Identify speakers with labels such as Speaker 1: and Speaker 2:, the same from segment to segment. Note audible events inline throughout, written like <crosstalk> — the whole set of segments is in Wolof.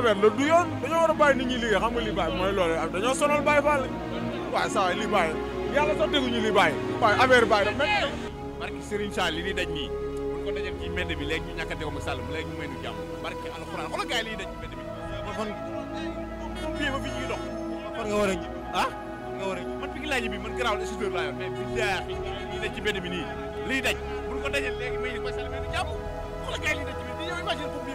Speaker 1: affaire la du yoon dañoo war a bàyyi nit ñi liggéey xam nga li bàyyi mooy loolu dañoo sonal bàyyi Fall waaye saa li bàyyi yàlla sax dégguñu li bàyyi waaye affaire bàyyi daf mel
Speaker 2: barki Serigne Sall li di daj nii buñ ko dajal ci mbedd bi léegi ñu ñàkk a déggoo ma Sall léegi ñu may nu jàmm barki alxuraan xoolal gars yi liy daj ci mbedd bi kon fii ba fi ñuy dox kon nga war a ah nga war a man fi gi laaji bi man garaawul studio laa yor mais bi daa li daj ci mbedd bi nii liy daj buñ ko dajal léegi may ni koy Sall may nu jàmm xoolal gars yi liy daj ci mbedd bi yow imagine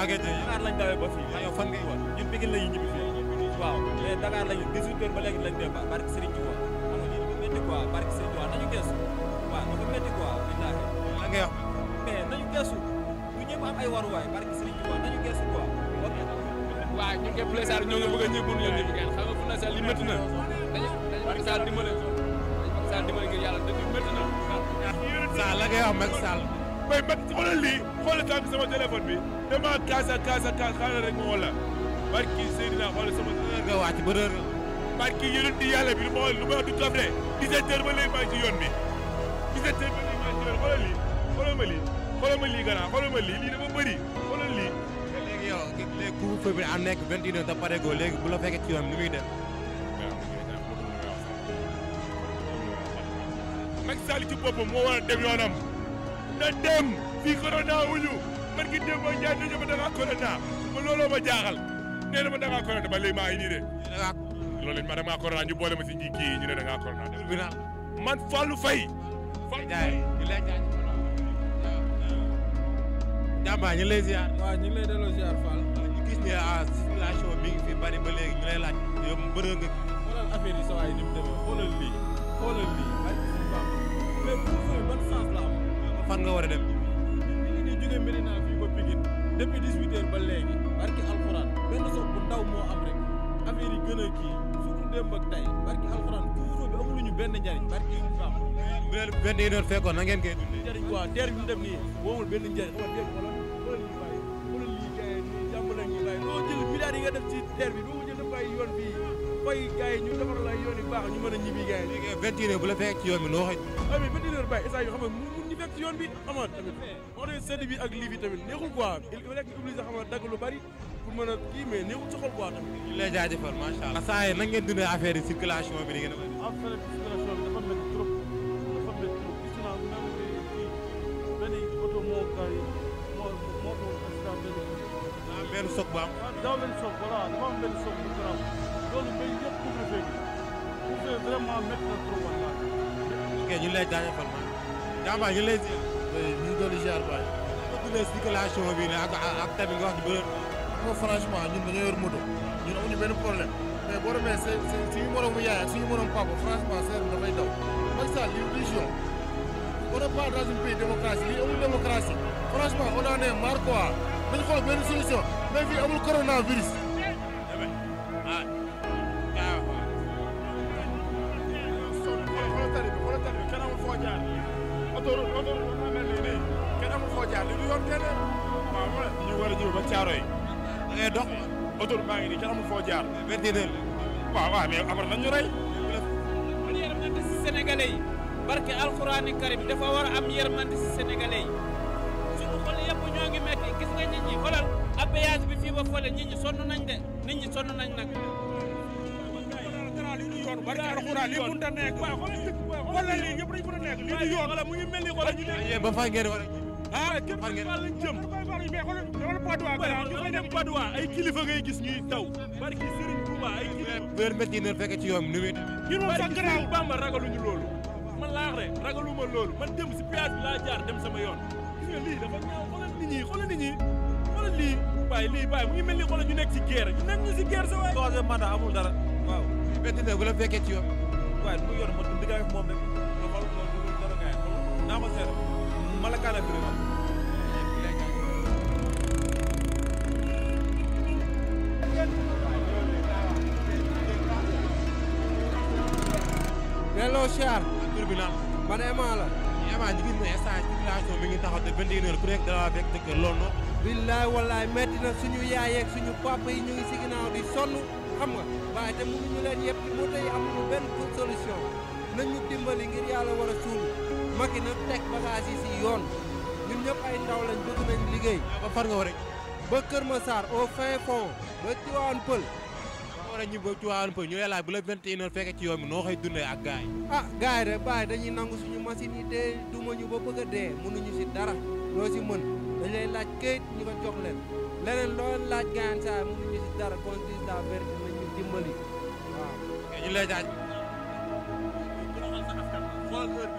Speaker 2: màggee tey Dakar lañ dawee ba fii. aywa fan ngay woon ñun Pikine la ñuy ñibbi fii. waaw mais eh, Dakar lañu 18 heures ba léegi lañ dee barke Serigne Touba xam nga lii dafa métti quoi barke Serigne Touba nañu geesu waaw dafa métti quoi billahi la ngay wax mais eh, nañu geesu du ñëpp am ay waruwaay barke Serigne Touba nañu geesu quoi waaw ñun képp les sar ñoo ngi bëgg a ñëpp ñu ñëpp kenn xam nga fu na sal li métti na
Speaker 3: dañu dañu sal dimbale dañu
Speaker 2: sal dimbale ngir yàlla dëgg métti na Sall la ngay wax Macky Sall bay
Speaker 1: mag xoolal lii xoolal sànq sama téléphone bi dama kaasa kaasa kaas xaaral rek ma wala
Speaker 4: barki Seydina xoolal sama téléphone nga wàcc ba réer barki yëlun di yàlla bi lu ma lu ma du tof de 17 heures ba léegi maa ngi ci yoon bi 17 heures ba léegi maa ngi ci yoon xoolal lii
Speaker 2: bi am nekk vingt et une heures te pare goo bu la fekkee ci muy def dem yoonam na
Speaker 4: dem fii corona wuñu man ki dem ba jaay dañu ma na ma da ngaa corona ba léegi maa ngi nii de. loolu it ma da ngaa corona ñu boole ma si ñi kii ñu ne da ngaa corona.
Speaker 2: man Fallou Faye. Fallou Faye jàmbaar ñu lay ziar. waaw ñu ngi lay delloo ziar Fall. ñu gis ne ah situation bi ngi fi bari ba léegi ñu lay laaj. yow mbërë nga. xoolal affaire yi sa waay ni mu demee xoolal lii
Speaker 5: xoolal lii. mais bu ñu ban sens la
Speaker 2: fan nga war a dem.
Speaker 1: ñu ngi jógee Medina fii ba Pikine depuis dix huit heures ba léegi barki alxuraan benn soog bu moo am rek affaire yi a kii surtout démb ak tey barki alxuraan toujours bi
Speaker 2: benn njariñ barki yu baax. fekkoon na ngeen koy dundee. njariñ waaw teer bi ñu dem nii benn njariñ xam
Speaker 1: nga li nga def ci terre bi doo jël def ay yoon bi fay gars yi ñu defar la yoon yu baax ñu mën a ñibbi gars yi. léegi vingt et une heures bu la fekk ci yoon bi noo xëy. fekk ci yoon bi xama tamit moo tax sedd bi ak lii bi tamit neexul quoi il faut nekk obligé xama dagg lu bari pour mën a kii mais neexul ci xol quoi tamit
Speaker 2: ñu lay jaajëfal macha allah saa yi nan ngeen dundee affaire yi circulation bi ni ngeen am
Speaker 1: affaire circulation bi dafa métti trop dafa métti trop gis naa même benn oto moo gaay moo moo ko accident benn ah, benn soog bu am ah, daaw benn soog voilà
Speaker 2: dafa am benn soog bu garaaw loolu bay yëpp couvre-feu bi couvre-feu vraiment métti na trop wala ok ñu lay jaajëfal jàmbaar ñu lay ziar. ñu ngi dolli ziar baay. nga tuddee circulation bi ne ak ak tamit nga wax ci bëre. non franchement ñun dañoo yor moto ñun amuñu benn problème mais boo demee sa sa suñu moromu yaay ak suñu moromu papa franchement seen
Speaker 4: dafay daw. Macky Sall li religion on n'est pas dans un pays démocratie lii amul démocratie franchement on en est marre quoi dañu xool benn solution mais fii amul coronavirus.
Speaker 2: autoroute baa ngi nii kenn amul foo jaar. verdir leen waaw waaw mais après nañ ñu rey. wala
Speaker 3: yërmande si sénégalais yi barke alxuraani karim dafa war a am yërmande si sénégalais yi suñu xol yëpp ñoo ngi ba fële nit ñi a a
Speaker 2: nekk lii ñu nekk a mais xoolal xoolal Padois. waaw dem Padois ay kilifa ngay gis ñuy taw. barki Serigne Touba ay kilifa. weer mét yi fekk ci yoon ni muy. ñun moom sax garaaw Bamba
Speaker 6: ragaluñu loolu. man laa rek ragaluma loolu man dem si péage bi laa jaar dem sama yoon. gis nga lii dafa ñaaw xoolal nit ñi xoolal nit ñi xoolal lii. waaye lii waaye mu ngi mel ni xoolal ñu nekk si guerre ñu
Speaker 2: nekk ñu si guerre sa waay. troisième mandat amul dara waaw. métti na bu la fekkee ci yoon. waaye du yoon ma digga moom rek. nga xool loolu dara gaay naa ko seet. Malakana Birame. delloo siyaar. tur bi naan. man Ema la. Ema ñu gis ne instant circulation bi ngi taxaw te vingt et une heures ku nekk da laa fekk billaay wallaay metti na suñu yaay suñu papa yi ñu ngi di sonn xam nga waaye te mënuñu leen yëpp ci moto yi amuñu benn solution nañu dimbali ngir yàlla war a suul Macky teg bagage yi yoon ñun ñëpp ay ndaw lañ bëgg nañ liggéey. ba Kër Massar au fin fond ba Tivaouane Peul. boo war a ñibbi ba Tivaouane Peul ñu lay laaj bu la 21h fekkee ci yoon bi noo koy dundee ak gars a ah gars yi dañuy nangu suñu machine yi dee duma ñu ba bëgg a dee mënuñu si dara loo si mën dañ lay laaj këyit ñu ko jox leen leneen loo leen laaj gars yi saa mënuñu si dara qu'on dise la vérité nañu dimbali ñu lay laaj. xoolal heure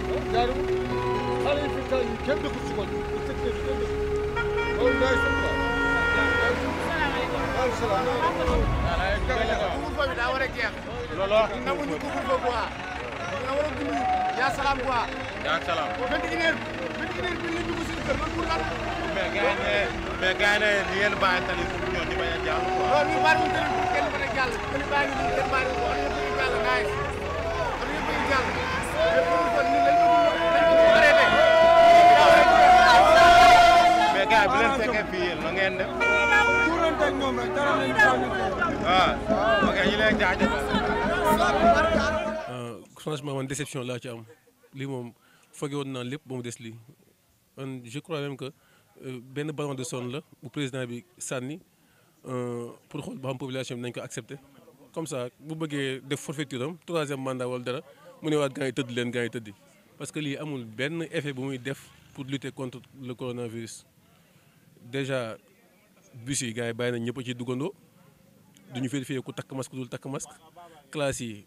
Speaker 5: Yani hani Fırtan kendi kutusu var. Fırtan kendi kutusu var. Oğlum ne işin var?
Speaker 7: Ya salam quoi. Ya salam. Benn gineer, benn gineer bi ñu dugg seen kër man pour lan. Mais gars ne,
Speaker 2: mais gars ne li ngeen bàyyi tali ñoo di bañ a jàll quoi. Loolu ñu bari ñu tali
Speaker 8: pour kenn bañ a jàll. Kenn bàyyi ñu kenn bàyyi ko, ñu bari jàll nice. Ñu bari jàll.
Speaker 2: gars bu leen
Speaker 1: ah, euh, franchement man déception laa ci am lii moom foogee woon naa lépp ba mu des lii man je crois même que euh, benn ballon de sonde la bu président bi sànni euh, pour xool ba xam population bi nañ ko accepté comme ça bu bëggee def forfaiture am troisième mandat wala dara mu ne waat gaa tëdd leen gaa tëdd parce que lii amul benn effet bu muy def pour lutter contre le coronavirus déjà bus yi yi bàyyi nañ ñëpp ci duggandoo duñu vérifier ku takk masque dul takk masque classe yi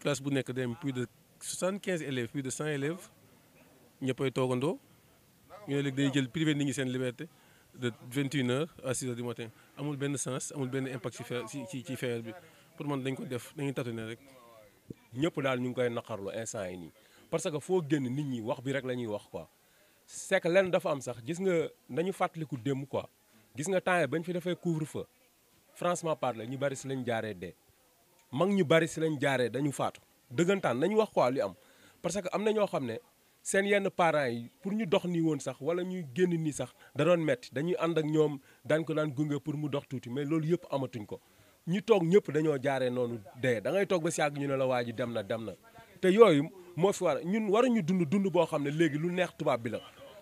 Speaker 1: classe bu nekk dem plus de soixante quinze élèves plus de cent élèves ñëppay toogandoo ñu ne léegi day jël privé nit ñi seen liberté de vingt une heures à six heures du matin amul benn sens amul benn impact ci fer ci ci fer bi pour man dañ ko def dañuy tâtonner rek. ñëpp daal ñu ngi koy naqarlu instant yi nii parce que foo génn nit ñi wax bi rek la ñuy wax quoi. c'est que lenn dafa am sax gis nga nañu fàttaliku démb quoi gis nga temps bañ fi defee couvre-feu franchement parler ñu bari si lañ jaaree dee mag ñu bari si lañ jaaree dañu faatu dëggantaan nañu wax quoi li am parce que am na ñoo xam ne seen yenn parents yi pour ñu dox nii woon sax wala ñuy génn nii sax da doon metti dañuy ànd ak ñoom daan ko daan gunge pour mu dox tuuti mais loolu yëpp amatuñ ko ñu toog ñëpp dañoo jaaree noonu dee da ngay toog ba si yàgg ñu ne la waa ji dem na dem na moo fi war ñun ñu dund dund boo xam ne léegi lu neex tubaab bi la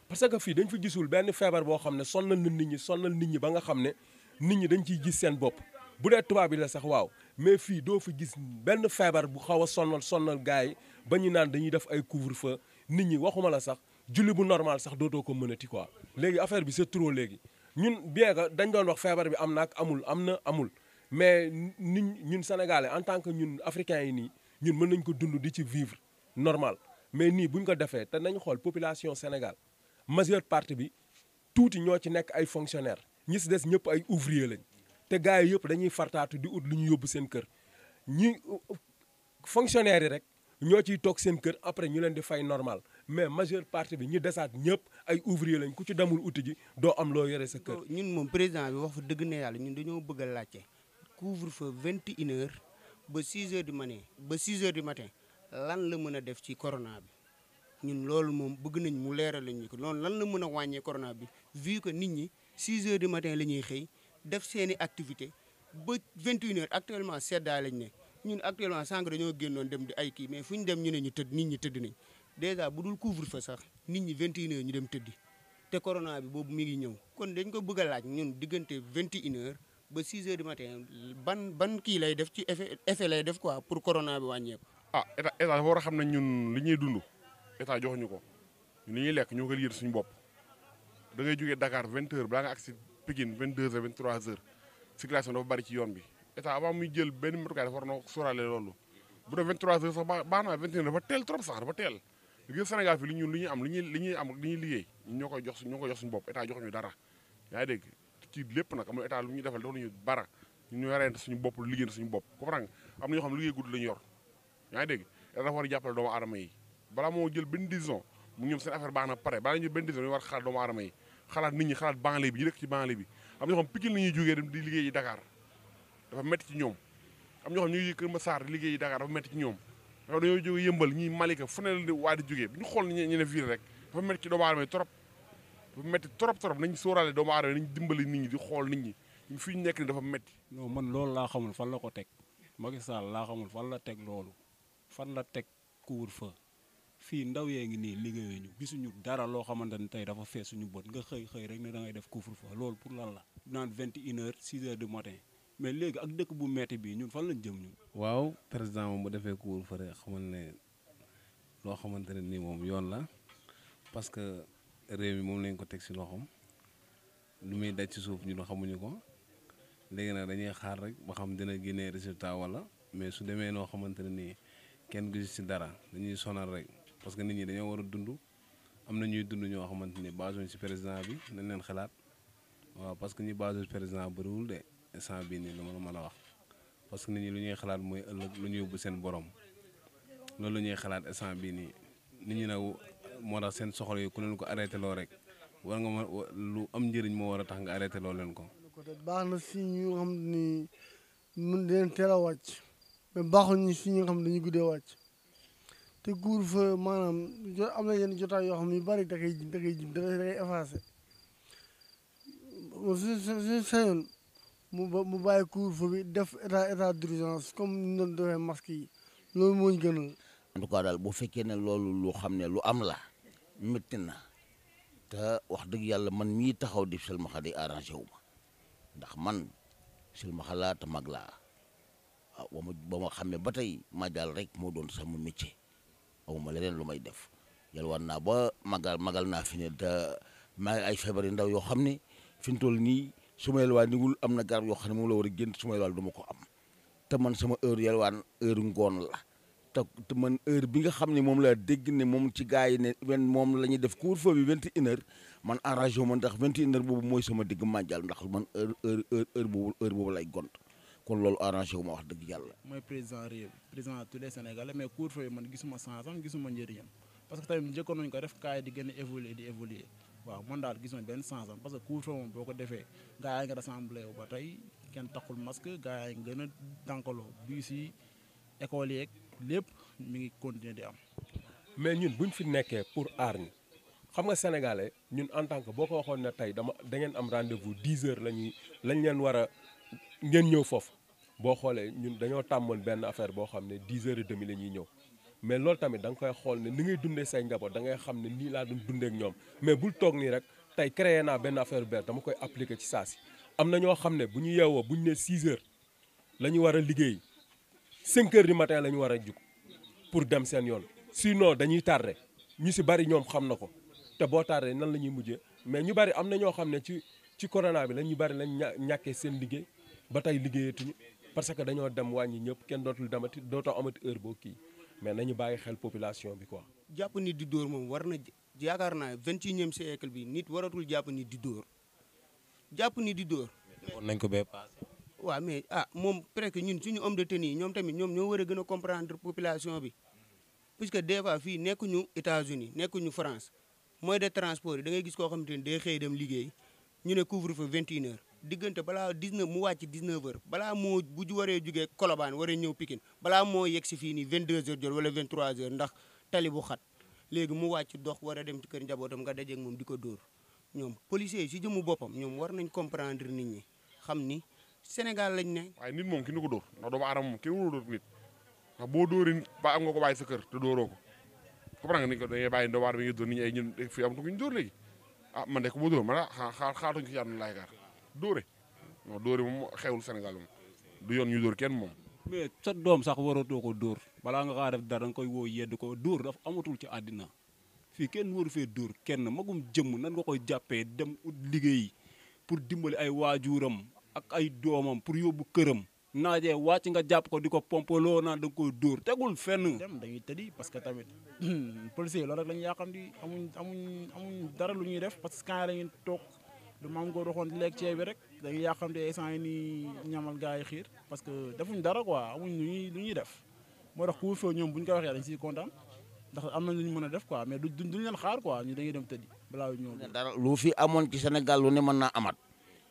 Speaker 1: parce que fii dañ fi gisul benn feebar boo xam ne sonnal na nit ñi sonnal nit ñi ba nga xam ne nit ñi dañ ciy gis seen bopp bu dee tubaab bi la sax waaw mais fii doo fi gis benn feebar bu xaw a sonnal sonnal gars yi ba ñu naan dañuy def ay couvre-feu nit ñi waxuma la sax julli bu normal sax dootoo ko mënati quoi léegi affaire bi c'est trop léegi ñun bien que dañ doon wax feebar bi am na amul am na amul mais nit ñun sénégalais en tant que ñun africains yi nii ñun mën nañ ko dund di ci vivre normal mais nii bu ñu ko defee te nañu xool population Sénégal majeure partie bi tuuti ñoo ci nekk ay fonctionnaires ñi si des ñëpp ay ouvrier lañ te gars yi yëpp dañuy fartaatu di ut lu ñu yóbbu seen kër ñi fonctionnaires yi rek ñoo ciy toog seen kër après ñu leen di fay normal mais majeure partie bi ñu desaat ñëpp ay ouvrier lañ ku ci demul
Speaker 8: uti ji doo am loo yore sa kër. ñun moom président bi wax fa dëgg ne yàlla ñun dañoo bëgg a couvre feu vingt et ba six heures du matin ba six du matin. lan la mën a def ci corona bi ñun loolu moom bëgg nañ mu leeral lañu ñu ko loolu lan la mën a wàññee corona bi vu que nit ñi 6 heures du matin la ñuy xëy def seen i activité ba 21 heures actuellement seddaa lañ ne ñun actuellement sànq dañoo génnoon dem di ay kii mais fu ñu dem ñu ne ñu tëdd nit ñi tëdd nañ dèjà bu dul couvre fa sax nit ñi 21 ñu dem tëddi te corona bi boobu mi ngi ñëw kon dañ ko bëgg a laaj ñun diggante 21 heures ba 6 heures du ban ban kii lay def ci effet effet lay def quoi pour corona bi wàññeeku. ah état état dafa war a xam ne
Speaker 4: ñun li ñuy dund état ñu ko ñun li ñuy lekk ñoo ko yër suñu bopp da ngay jógee Dakar vingt heures balaa nga agsi Pikine vingt deux dafa bari ci yoon bi état avant muy jël benn matukaay dafa war na sóoraale loolu bu dee vingt trois heures sax baax na vingt et un dafa am li ñuy li ñuy am li ñuy liggéey ñoo koy jox ñoo koy jox suñu bopp état joxuñu dara ci lépp nag amul état lu ñu defal doon ñu bara ñu ñu yorente suñu bopp liggéey suñu bopp comprendre nga am ñoo xam liggéey gudd lañu yor yaa dégg dafa war a jàppale doomu aadama yi balaa moo jël benn décision mu ñoom seen affaire baax na pare balaa ñu jël benn décision ñu war xalaat doomu aadama yi xalaat nit ñi xalaat banlieue bi yi rek ci banlieue bi am ñoo xam Pikine la ñuy jógee dem di liggéey yi Dakar dafa métti ci ñoom am ñoo xam ñu ngi liggéey yi Dakar dafa métti ci ñoom dafa dañoo jógee yëmbal ñuy waa di jógee ñu xool ñu ne ville rek dafa métti ci doomu aadama yi trop dafa métti trop trop nañ sóoraale doomu aadama yi nañ dimbali nit ñi di xool nit ñi fi ñu nekk ni dafa metti non man loolu
Speaker 6: laa xamul fan la ko teg Macky Sall laa xamul fan la teg loolu fan la teg couvre fa fii ndaw yee ngi nii liggéeyuñu gisuñu dara loo xamante ni tey dafa fees suñu bët nga xëy xëy rek ne da ngay def couvre-feu loolu pour lan la. naan vingt et une heures six heures du matin mais léegi ak dëkk bu metti bii ñun fan lañ jëm ñun.
Speaker 2: waaw président moom bu defee couvre-feu rek xamal ne loo xamante ne nii moom yoon la parce que réew mi moom lañ ko teg si loxoom lu muy daj ci suuf ñun xamuñu ko léegi nag dañuy xaar rek ba xam dina génnee résultat wala mais su demee noo xamante ne nii. kenn gisu ci dara dañuy sonal rek parce que nit ñi dañoo war a dund am na ñuy dund ñoo xamante ni basuñ ci président bi nañ leen xalaat waaw parce que ñi basuñ ci président bëriwul de instant bii nii lu ma la mën a wax parce que nit ñi lu ñuy xalaat mooy ëllëg lu ñu yóbbu seen borom loolu la ñuy xalaat instant bii nii nit ñi nag moo tax seen soxla yi ku leen ko arrêté loo rek war nga ma lu am njëriñ moo war tax nga arrêté loo leen ko.
Speaker 8: baax na si ñu xam ni mën leen teel wàcc. mais baaxul ni si ñi xam ne dañuy guddee wàcc te couvre-feu maanaam am na yenn jotaay yoo xam ne bari da koy da koy da koy effacé suñu sañoon mu mu bàyyi couvre bi def
Speaker 5: état état comme ni doon defee masque yi loolu moo ñu gënal. en tout daal boo fekkee ne loolu loo xam ne lu am la métti na te wax dëgg yàlla man mii taxaw di silmaxa di arrangé wu ma ndax man silmaxa laa te mag la waaw ah, ba ma ba ma xam ne ba tey màggal rek moo doon sama métier aw ma leneen lu may def yalwaan naa ba màggal màggal naa fi ne te maa ay feebar yu ndaw yoo xam ne fi mu toll nii su ma yalwaaniwul am na garab yoo xam ne moom la war a génn su ma du ma ko am te man sama heure yalwaan heure ngoon la te man heure bi nga xam ne moom laa dégg ne moom ci gars yi ne benn moom la ñuy def couvre-feu bi vingt et une heures man man ndax vingt et boobu mooy sama digg màggal ndax man heure heure heure boobu heure boobu lay gont kon loolu arrangé wu ma wax dëgg yàlla.
Speaker 6: mooy président réew président tous les sénégalais mais couvre-feu man gisuma sens am gisuma njëriñam parce que tamit njëkkoon nañu ko def kaay di gën a di évoluer waaw man daal gisuma benn sens am parce que couvre-feu moom boo ko defee gaa yaa ba tey kenn taxul masque gaa yaa ngi bii si école yeeg lépp mi ngi continuer di am.
Speaker 1: mais ñun buñ fi nekkee pour aar ñi xam nga sénégalais ñun en tant que boo ko waxoon ne da ngeen la ñuy a ngeen ñëw foofu boo xoolee ñun dañoo tàmmoon benn affaire boo xam ne dix heure et demi la ñuy ñëw mais loolu tamit danga koy xool ne ni ngay dundee say njaboot da ngay xam ne nii laa doon dundee ak ñoom mais bul toog nii rek tey créé naa benn affaire benn dama koy ci saa si am na ñoo xam ne bu ñu yeewoo bu ñu nee six heures la ñu war a liggéey cinq heures du matin la ñu war a jug pour dem seen yoon si no dañuy tardé ñu si bari ñoom xam na ko te boo tardé nan la ñuy mujjee mais ñu bari am na ñoo xam ne ci ci corona bi lañuy ñu bari lañ ñàkkee seen liggéey. ba tey liggéeyatuñu parce que dañoo dem wàññi ñëpp kenn dootul demati dooto amati heure boo kii mais nañu bàyyi xel population
Speaker 8: bi ko jàpp ni di dóor moom war na yaakaar naa vingt et unième siècle bi nit waratul jàpp ni di dóor jàpp ni di dóor.
Speaker 2: defoon nañ ko bee passé.
Speaker 8: waaw mais ah moom presque ñun suñu homme de tenue ñoom tamit ñoom ñoo war a gën a comprendre population bi puisque des fois fii nekkuñu États-Unis nekkuñu France moyen de transport yi dangay gis koo xamante ni day xëy dem liggéey ñu ne couvre-feu vingt diggante balaa 19 mu wàcc 19 heures balaa moo bu waree jugee Colobane waree ñëw pikin balaa moo yegg si fii nii 22 heures jot wala 23 heures ndax tali bu xat léegi mu wàcc dox war a dem ci kër njabootam nga dajeeg moom di ko dóor ñoom policiers yi si jëmu boppam ñoom war nañ comprendre nit ñi xam ni Sénégal lañ ne. waaye nit moom ki ñu ko dóor ndax doomu aadama moom ki ñu ko dóor nit ndax boo dóoree nit ba am nga sa kër te ko
Speaker 4: comprendre ko da ngay bàyyi doomu aadama bi nga dóor nit ñi ñu dóor léegi ah man de ko boo dóor man ah dóore non dóore moom xewul Sénégal du
Speaker 6: yoon yu dóor kenn moom. mais sa doom sax waratoo ko dóor balaa nga kaa def dara nga koy woo yedd ko dóor dafa amatul ci àddina fii kenn waru fee dóor kenn magum jëmm nan ko koy jàppee dem ut liggéey pour dimbali ay waajuuram ak ay doomam pour yóbbu këram. naaje wàcc nga jàpp ko di ko pompoloo naan da nga koy dóor tegul fenn. dem dañuy tëddi parce que tamit <clears throat> policier loolu rek la ñu yàqam di amu amuñ amuñ dara lu ñuy def parce que quand la du maam góor waxoon di lekk ceeb bi rek dañuy yàqamte instant yi nii ñamal gars yi xiir parce que defuñ dara quoi amuñ lu ñuy lu ñuy def moo tax couvre-feu ñoom bu ñu ko waxee dañ siy kontaan ndax am na lu ñu mën a def quoi mais duñ duñ leen xaar quoi ñu dañuy dem tëddi balaa ñëw dara
Speaker 5: lu fi amoon ci Sénégal lu ne mën naa amat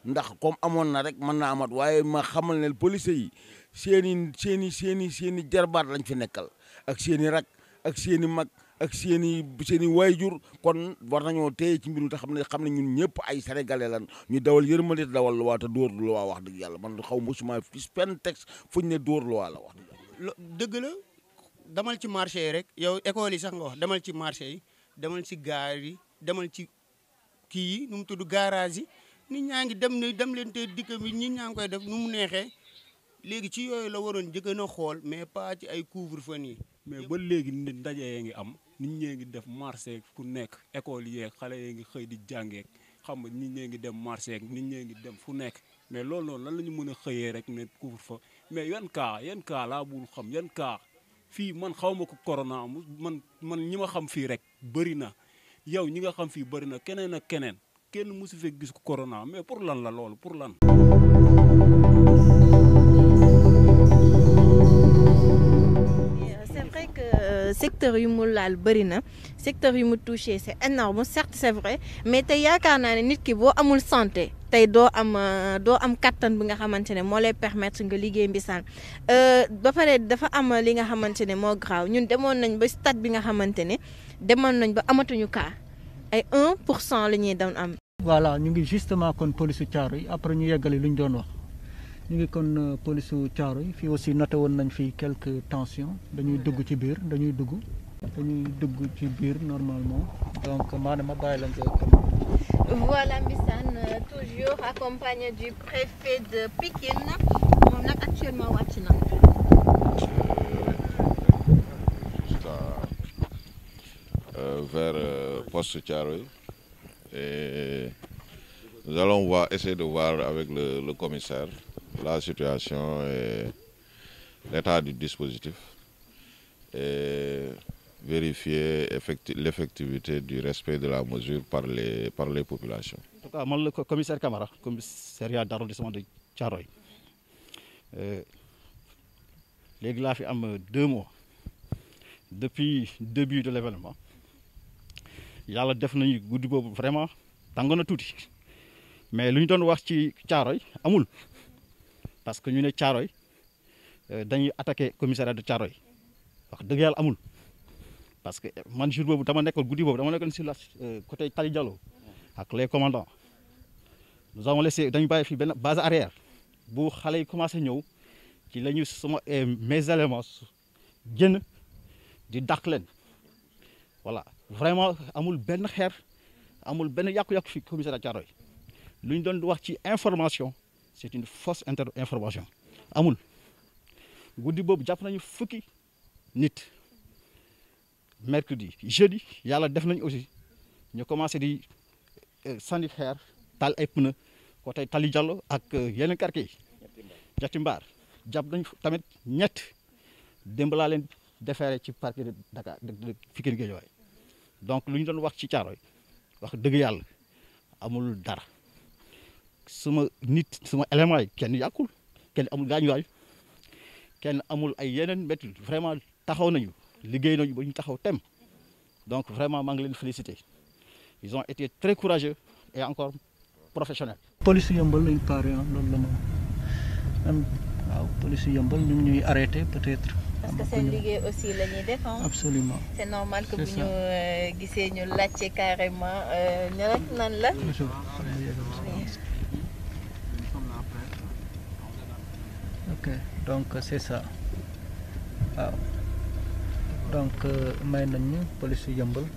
Speaker 5: ndax comme amoon na rek mën naa amat waaye ma xamal ne police yi seen i seen i seen i seen i jarbaat lañ fi nekkal ak seen i rak ak seen i mag ak seen i seen i waayjur kon war nañoo te ci mbiru te xam ne xam ne ñun ñëpp ay sénégalais lan ñu dawal yërmande te dawal luwaa te dóor luwaa wax dëgg yàlla man xaw musuma fis fenn texte fuñ ne dóor luwaa la wax
Speaker 8: dëgg la demal ci marché rek yow école yi sax nga wax demal ci marché yi demal ci gaar yi demal ci kii yi mu tudd garage yi nit ñaa ngi dem dem leen te dikk bi nit ñaa ngi koy def nu mu neexee léegi ci yooyu la waroon jëkkën a xool mais pas ci ay couvre-feu yi mais ba léegi nit ndaje
Speaker 6: ngi am nit ñee ngi def marché ku nekk école yeeg xale yee ngi xëy di jàngeek xam nga nit ñee ngi dem marché ak nit ñee ngi dem fu nekk mais loolu noonu lan la ñu mën a xëyee rek ne couvre-feu mais yan kaa yan cas laa bul xam yan kaa fii man xaw ma ko corona mu man man ñi ma xam fii rek bëri na yow ñi nga xam fii bëri na keneen ak keneen kenn mësu fekk gis ko corona mais pour lan la loolu pour lan.
Speaker 9: secteur yu mu laal bëri na secteur yu mu touché c'est énorme certes c'est vrai mais tey yaakaar naa ne nit ki boo amul santé tey doo am euh, doo am kattan bi nga xamante ne moo lay permettre nga liggéey mbisaan euh, ba pare dafa am li nga xamante ne moo graaw ñun demoon nañ ba stade bi nga xamante ne demoon nañ ba amatuñu cas ay un pour cent la ñuy doon am.
Speaker 10: voilà ñu ngi justement kon police Thiaroye après ñu yeggali lu ñu doon wax. ñu ngi kon euh, police Thiaroye yi fii aussi noté woon nañ fi quelque tension dañuy dugg ci biir dañuy dugg dañuy dugg ci biir normalement donc maanaam ma bàyyi leen ko
Speaker 9: voilà Mbissane euh, toujours accompagné du préfet de Pikine moom nag actuellement wàcc na.
Speaker 11: Euh, la situation e l'état du dispositif et vérifier l'effectivité du respect de la mesure par les, par les populations.
Speaker 7: En tout cas, moi, le commissaire Camara, commissariat d'arrondissement de Tcharoy, euh, les gars ont deux mois depuis le début de def Il guddi boobu vraiment, tant qu'on a tout dit. Mais l'union de Tcharoy, amul parce que ñu ne Thiaroye euh, dañuy attaqué commissariat de Thiaroye wax dëgg yàlla amul parce que man jour boobu dama nekkoon guddi boobu dama nekkoon sur la euh, côté Tali jalo ak les commandants nous avons laissé dañu bàyyi fii benn base arrière bu xale yi commencé ñëw ci lañu ñu sama euh, mes éléments génn di dàq leen voilà vraiment amul benn xeer amul benn yàqu-yàqu fi commissariat Thiaroye lu ñu doon wax ci information. c'est une fausse inter information amul guddi boobu jàpp nañu fukki nit mercredi jeudi yàlla def nañu aussi ñu commencé di euh, sànni xeer taal ay pneu côté Tali Diallo ak euh, yeneen quartier yi ñetti mbaar jàpp nañu tamit ñett démb laa leen defeere ci parquet de Dakar de Pikine donc lu ñu doon wax ci Thiaroye wax dëgg yàlla amul dara suma nit suma élément kenn yàqul kenn amul gaañuwaay kenn amul ay yeneen métti vraiment taxaw nañu liggéey nañu ba ñu taxaw tem donc vraiment maa ngi leen féliciter ils ont été très courageux et encore professionnels.
Speaker 10: police yëmbal il paraît loolu la ma man waaw police yëmbal ñu ñuy arrêté peut-être.
Speaker 9: parce que seen liggéey aussi la ñuy c'est normal que bu ñu euh, gisee ñu laajte carrément ñu euh, rek nan la.
Speaker 10: ok donc c' est ça waaw donc may nañu police yu yëmbal euh,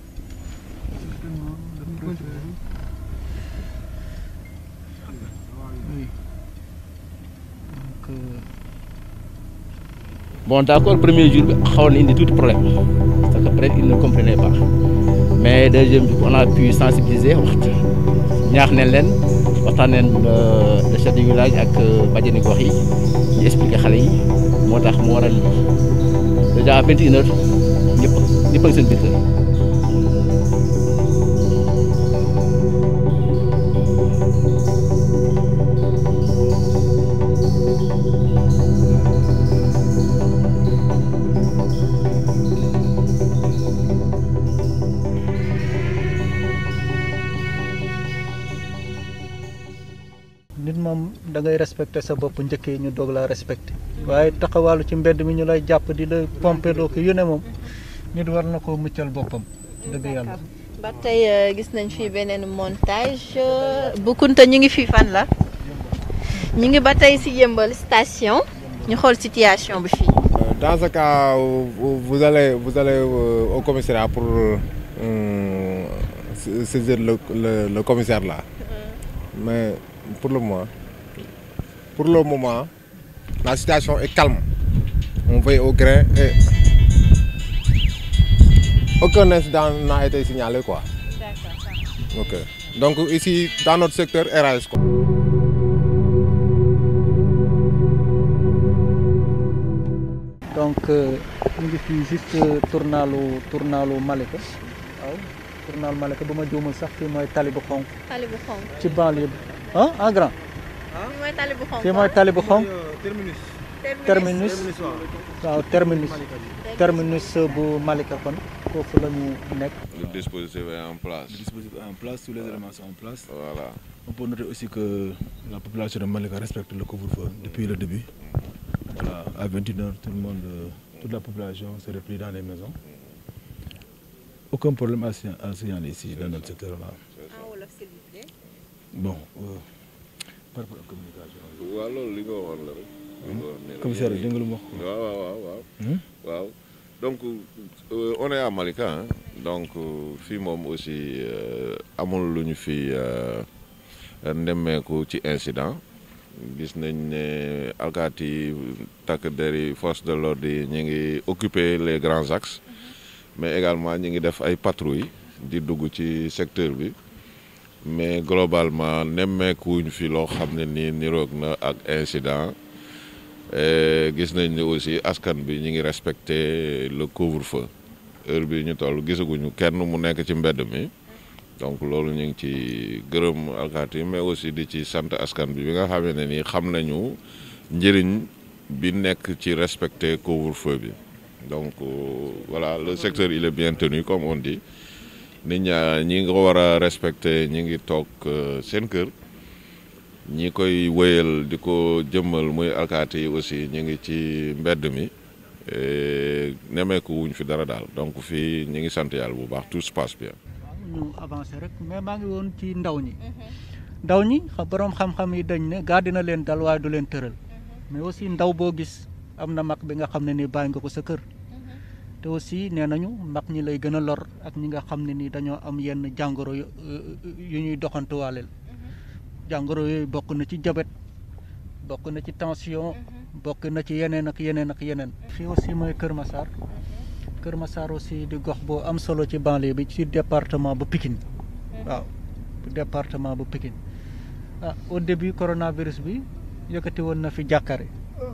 Speaker 7: bon d' premier jour bi xawoon na indi tuuti problème parce que peut il ne comprenait pas mais deuxième jour on a pu sensibiliser waxtu ñaax ne leen waxtaaneen euh, le chef de ak euh, bajjani gox yi ñu expliqué xale yi moo tax mu waral lii déjà vingt et une heures ñëpp ñëpp
Speaker 10: da ngay respecté sa bopp njëkk yi ñu doog laa respecté waaye taxawaalu ci mbedd mi ñu lay jàpp di la pompé loo ko yu ne moom nit war na ko muccal boppam dëgg yàlla
Speaker 9: ba tey euh, gis nañ fi beneen montage euh, bu Kunta ñu ngi fi fan la ñu ngi ba tey si yëmbal station ñu xool situation bi fii euh,
Speaker 2: dans ce cas vous allez vous allez au commissariat pour saisir le le, le commissaire là pour le moment pour le moment, la situation est calme. On veille au grain et aucun incident n'a été signalé. Quoi. Donc ici, dans notre secteur RAS. Quoi.
Speaker 10: donc euh, ñu ngi fii juste tournalu tournalu Malika waaw tournalu ba ma juumul sax fii mooy tali bu xonk. ci banlieue bi ah en grand.
Speaker 9: fii mooy tali bu xonq fii mooy tali bu euh, terminus.
Speaker 11: terminus
Speaker 10: terminus bu Malika kon foofu
Speaker 11: la nekk. le dispositif est en place. le dispositif est en place tous les éléments en place. voilà on aussi que
Speaker 1: la population de Malika respecte le couvre-feu depuis le début.
Speaker 5: voilà à 21h tout le monde euh,
Speaker 1: toute la population se replie dans les maisons.
Speaker 5: aucun problème à signaler dans notre secteur là. En
Speaker 9: wolof
Speaker 7: bon. Euh, par rapport ak
Speaker 11: communication bi. waaw loolu li nga waxoon la rek. Hmm? commissaire dégg nga lu mu wax. Hmm? waaw waaw waaw. Hmm? donc euh, on est à donc euh, fii moom aussi euh, amul lu ñu fi nemmeeku ci incident. gis nañ ne alkaati yi takk der yi force de l'ordre yi ñu ngi occuper les grands axes mhm. mais également ñu ngi def ay patrouilles di dugg ci secteur bi mais globalement nemmeekuñ fi loo xam ne nii niroog na ak incident gis nañ ni aussi askan bi ñu ngi respecté le couvre-feu heure bi ñu toll gisaguñu kenn mu nekk ci mbedd mi donc loolu ñu ngi ci gërëm alkaati mais aussi di ci sant askan bi bi nga xamee ne nii xam nañu njëriñ bi nekk ci respecté couvre-feu bi donc euh, voilà le secteur il est bien tenu comme on dit nit ñaa ñi nga war a respecté ñi ngi toog euh, seen kër ñi koy wéyal di ko jëmmal muy alkaati yi aussi ñi ngi ci mbedd mi nemeeku wuñ fi dara daal donc fii ñi ngi sant yàlla bu baax tout se passe bien.
Speaker 10: ñu rek mais maa ngi woon ci ndaw ñi mhm. ndaw ñi borom xam-xam yi dañ ne gaa dina leen dal waaye du leen tëral mhm. mais aussi ndaw boo gis am na mag bi nga xam ne ni bàyyi nga ko sa kër. te aussi nee nañu mag ñi lay gën a lor ak ñi nga xam ne nii dañoo am yenn jàngoro yu ñuy doxantuwaaleel mm-hmm. jàngoro yooyu bokk na ci jabet bokk na ci tension mm-hmm. bokk na ci yeneen ak yeneen ak yeneen fii aussi mooy Kër Massar mm-hmm. Kër Massar aussi di gox boo am solo ci bale bi ci département bu pikin waaw département bu Pikine ah au début coronavirus bi yëkkati woon na fi jàkkare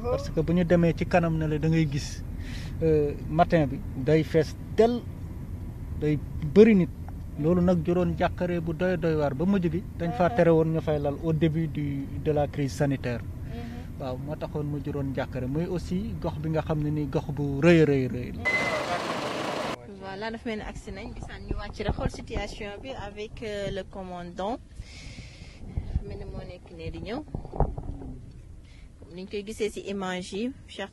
Speaker 10: parce que bu ñu demee ci kanam na la da ngay gis Euh, matin bi day fees del day bëri nit loolu nag juróon jàqare bu doy doy waar ba mujj bi dañ faa ah. tere woon ñu fay lal au début du de la crise sanitaire mhm. waaw moo taxoon mu juróon jàqare muy aussi gox bi nga xam ne ni gox bu rëy rëy rëy la
Speaker 9: voilà dafa mel ni nañ bisaan ñu wàcc rek xool situation bi avec euh, le commandant mel ni moo nekk ne di ñëw ni ñu koy gisee ci image yi chers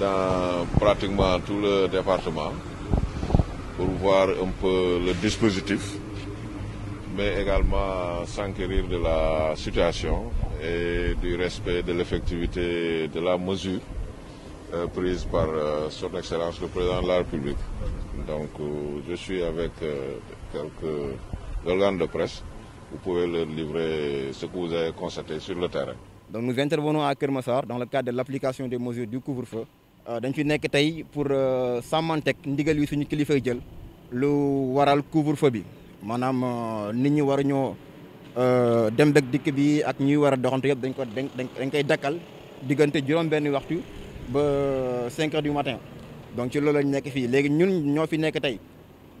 Speaker 11: dans pratiquement tout le département pour voir un peu le dispositif mais également s'enquérir de la situation et du respect de l'effectivité de la mesure euh, prise par Son Excellence le Président de la République. Donc euh, je suis avec quelques organes de presse, vous pouvez livrer ce que vous avez constaté sur le terrain.
Speaker 12: Donc nous intervenons à Kermassar dans le cadre de l'application des mesures du couvre-feu. Euh, dañ ci nekk tey pour euh, sàmmanteeg ndigal yi suñu kilifay jël lu waral couvre-feu bi maanaam euh, nit ñi war ñoo dem dëkk dikk bi ak ñuy war a doxantu yëpp dañ ko dañ koy dakkal diggante juróom benni waxtu ba 5 heures du matin donc ci loolu lañ nekk fii léegi ñun ñoo fi nekk tey.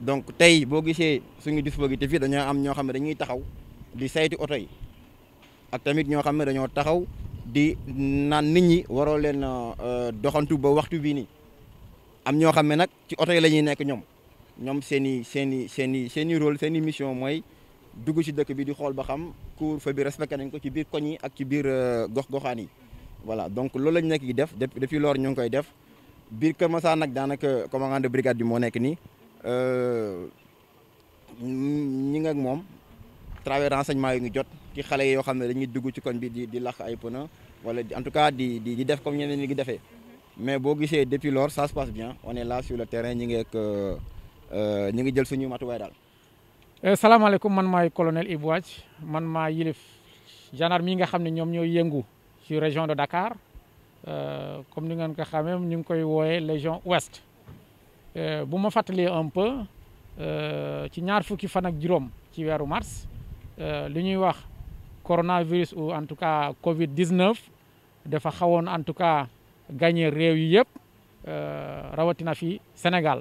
Speaker 12: donc tey boo gisee suñu disponibilité fii dañoo am ñoo xam ne dañuy taxaw di saytu oto yi ak tamit ñoo xam ne dañoo taxaw di naan nit ñi waroo leen euh, doxantu ba waxtu bii nii am ñoo xam ne nag ci oto yi la ñuy nekk ñoom ñoom seen i seen i seen i seen i rôle seen i mission mooy dugg ci dëkk bi di xool ba xam couvre fa bi respecté nañ ko ci biir koñ yi ak ci biir euh, gox-goxaan yi voilà donc loolu lañ nekk di def depuis loolu ñu ngi koy def biir Kër Massar nag daanaka commandant de brigade bi moo nekk nii Euh, ñi nga ak moom travers renseignement yi ngi jot ci xale yoo xam ne dañuy dugg ci koñ bi di di lax ay pneu wala en tout cas di di def comme ñeneen ñi ngi defee mais boo gisee depuis lors ça se passe bien on est sur le terrain ñi ngi ak euh, euh, ñi ngi jël suñu matuwaay
Speaker 3: daal. salaamaaleykum man maay colonel Ibou Wathie man maa yilif gendarme yi nga xam ne ñoom ñooy yëngu ci région de Dakar comme ni ngeen ko xamee ñu ngi koy wooyee légion ouest. Euh, bu ma fàttalee un peu euh, ci ñaar fukki fan ak juróom ci weeru mars euh, li ñuy wax coronavirus ou en tout cas Covid 19 dafa xawoon en tout cas gagné réew yi yëpp rawatina fi Sénégal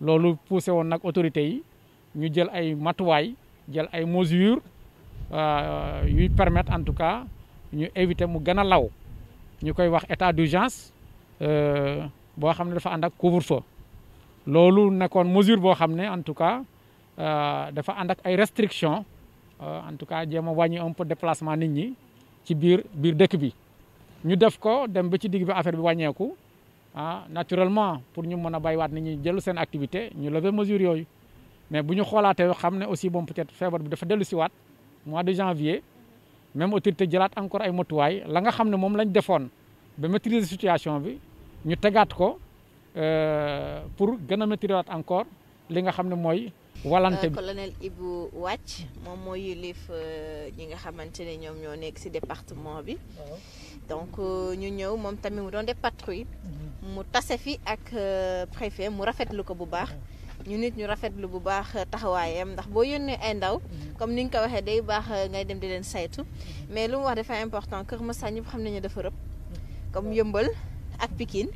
Speaker 3: loolu poussé woon nag autorités yi ñu jël ay matuwaay jël ay mesures yuy permettre en tout cas ñu éviter mu gën a law ñu koy wax état d'urgence boo xam ne dafa ànd ak couvre loolu nekkoon mesure boo xam ne en tout cas euh, dafa ànd ak ay restrictions euh, en tout cas jéem a wàññi un peu déplacement nit ñi ci biir biir dëkk bi ñu def ko dem ba ci digg bi affaire bi wàññeeku ah naturellement pour ñu mën a bàyyiwaat nit ñu jël seen activité ñu lever mesure yooyu mais bu ñu xoolaatee xam ne aussi moom peut feebar bi dafa dellu si waat mois de janvier même autorité jalaat encore ay motuwaay la nga xam ne moom lañ defoon ba maîtriser situation bi ñu tegaat ko. Euh, pour gën a maîtriser encore li nga xam ne mooy. walante bi euh,
Speaker 9: colonel Ibou Wàcc moom moo yilif euh, ñi nga xamante ne ñoom ñoo nekk ci département bi. donc ñu ñëw moom tamit mu doon def patrouille. Mm-hmm. mu tase fi ak préfet mu rafetlu ko bu baax. Mm-hmm. ñu nit ñu rafetlu bu baax taxawaayam ndax boo yónnee ay ndaw. Mm-hmm. comme ni nga ko waxee day baax ngay dem di leen saytu. mais lu mu wax dafa important Kër Massar ñëpp xam ñu dafa rëb. comme yëmbal ak Pikine.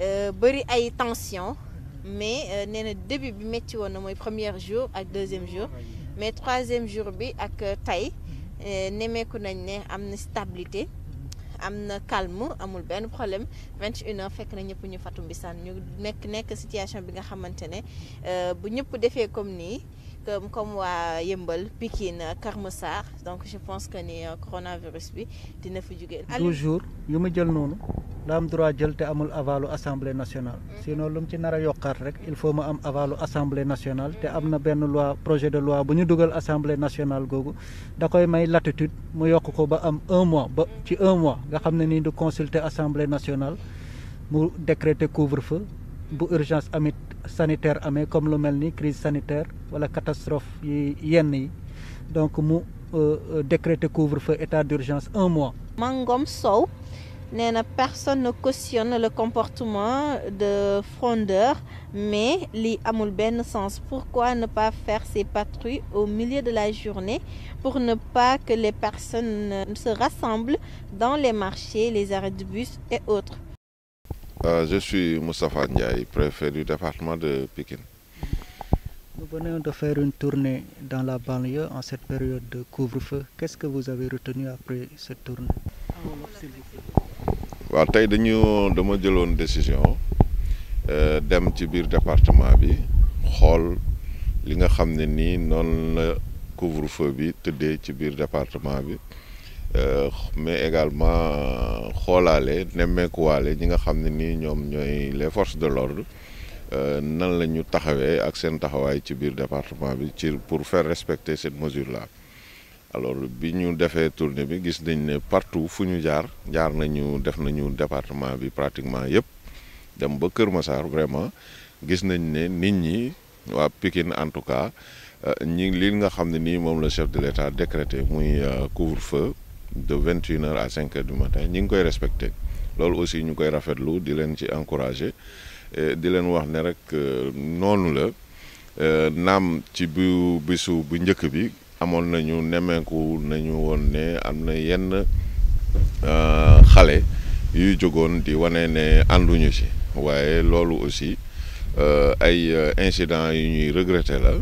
Speaker 9: Euh, bëri ay tension mais euh, nee na début bi métti woon na mooy première jour ak deuxième jour mais troisième jour bi ak euh, tey nemeeku nañ ne am na stabilité am na calme amul benn problème 21 heures fekk na ñëpp ñu fatu mbisaan ñu nekk nekk situation bi nga xamante ne bu ñëpp defee comme nii comme comme waa Yëmbal Pikine Kër Massar donc je pense que ni coronavirus bi dina fi fa jóge. toujours
Speaker 10: yu ma jël noonu. la am droit jël te amul avalu assemblée nationale mhm. sinon lu mu ci nar a yokkaat rek il faut mu am avalu assemblée nationale te am na benn loi projet de loi bu ñu dugal assemblée nationale googu da koy may latitude mu yokk ko ba am un mois ba ci un mois nga xam ne nii du consulter assemblée nationale mu décréter couvre-feu bu urgence amit sanitaire amee comme lu mel nii crise sanitaire wala catastrophe yi yenn yi donc mu euh, euh, décréter couvre-feu état d'urgence un mois.
Speaker 9: Mangom Sow. nee na personne ne cautionne le comportement de frondeurs mais lii amul benn sens pourquoi ne pas faire ces patrouilles au milieu de la journée pour ne pas que les personnes se rassemblent dans les marchés les arrêts de bus et autres
Speaker 11: euh, je suis Moustapha Ndiaye préfet du département de Pikine
Speaker 10: Nous venons de faire une tournée dans la banlieue en cette période de couvre Qu'est-ce que vous avez retenu après cette tournée?
Speaker 7: Ah,
Speaker 11: waaw tey dañu dama jëloon décision euh, dem ci biir département bi xool li nga xam ne nii noon la couvre-feu bi tëddee ci biir département bi euh, mais également xoolaale nemmeekuwaale ñi nga xam ne nii ñoom ñooy les force de l'ordre euh, nan la ñu taxawee ak seen taxawaay ci biir département bi ci pour faire respecter cette mesure la alors bi ñu defee tournée bi gis nañ ne partout fu ñu jaar jaar nañu def nañu département bi pratiquement yëpp dem ba Kër Massar vraiment gis nañ ne nit ñi waa Pikine en tout cas euh, ñi li nga xam ne nii moom la chef de l'État décrété muy euh, couvre-feu de vingt une heures à cinq heures du matin ñi ngi koy respecté loolu aussi ñu koy rafetlu di leen ci encouragé di leen wax ne rek euh, noonu la naam ci bu bisu bu njëkk bi amoon nañu nemmeeku nañu woon ne am na yenn euh, xale yuy jógoon di wane ne ànduñu ci waaye loolu aussi euh, ay euh, incidents yu ñuy regretter la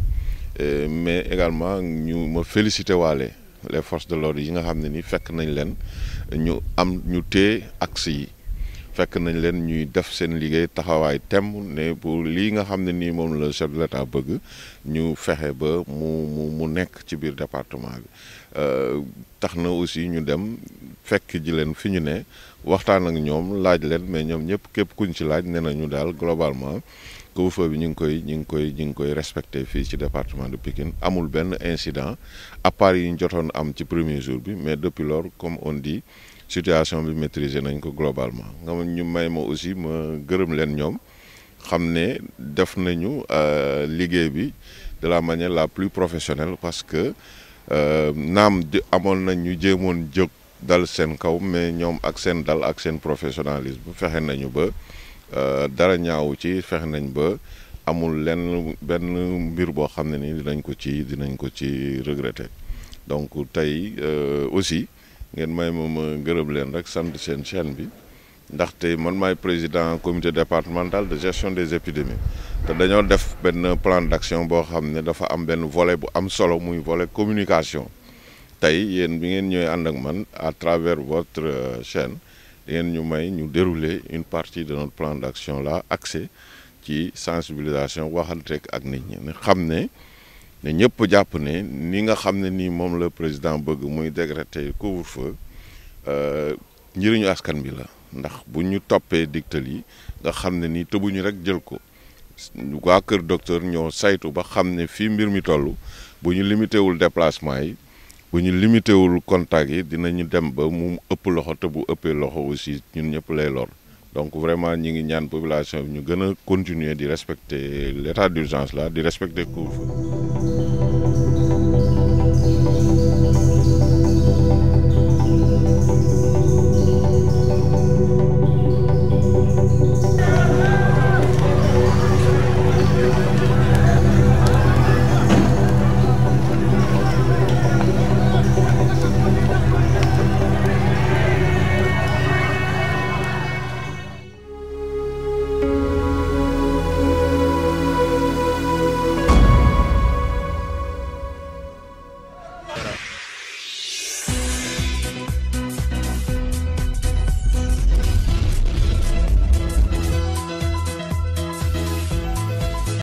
Speaker 11: mais également ñu ma félicité waale les forces de l'ordre yi nga xam ne ni fekk nañ leen ñu am ñu téye axe yi fekk nañ leen ñuy def seen liggéey taxawaay temm ne bu lii nga xam ne nii moom la chef de taa bëgg ñu fexe ba mu mu nekk ci biir département bi euh, tax na aussi ñu dem fekk ji leen fi ñu ne waxtaan ak ñoom laaj leen mais ñoom ñëpp képp kuñ ci laaj nee nañu daal globalement couvre-feu bi ñu ngi koy ñu ngi koy ñu ngi koy respecté fii ci département de Pikine amul benn incident à yi ñu jotoon am ci premier jour bi mais depuis lors comme on dit situation bi maîtriser nañ ko globalement nga ñu may ma aussi ma gërëm leen ñoom xam ne def nañu euh, liggéey bi de la manière la plus professionnelle parce que euh, naam amoon nañ ñu jéemoon jóg dal seen kaw mais ñoom ak seen dal ak seen professionnalisme fexe nañu ba euh, dara ñaawu ci fexe nañ ba amul lenn benn mbir boo xam ne nii dinañ ko ci dinañ ko ci regretter donc tey aussi ngeen may moom ma gërëb leen rek sant seen chaîne bi ndaxte man maay président comité départemental de gestion des épidémies te dañoo def benn plan d'action boo xam ne dafa am benn volet bu am solo muy volet communication tey yéen bi ngeen ñëwee ànd ak man à travers votre euh, chaîne di ngeen ñu may ñu dérouler une partie de notre plan d'action la axé ci sensibilisation waxante ak nit ñi ne xam ne ne ñëpp jàpp ne ni nga xam ne nii moom la président bëgg muy décréter couvre-feu euh, njëriñu askan bi la ndax bu ñu toppee digtal yi nga xam ne nii tëbuñu rek jël ko waa kër docteur ñoo saytu ba xam ne fii mbir mi toll bu ñu limité wul déplacement yi bu ñu limité wul contact yi dinañu dem ba mu ëpp loxo te bu ëppee loxo aussi ñun ñëpp lay lor. donc vraiment ñi ngi ñaan population ñu gën a continuer di respecter l'état d'urgence la di respecter couvre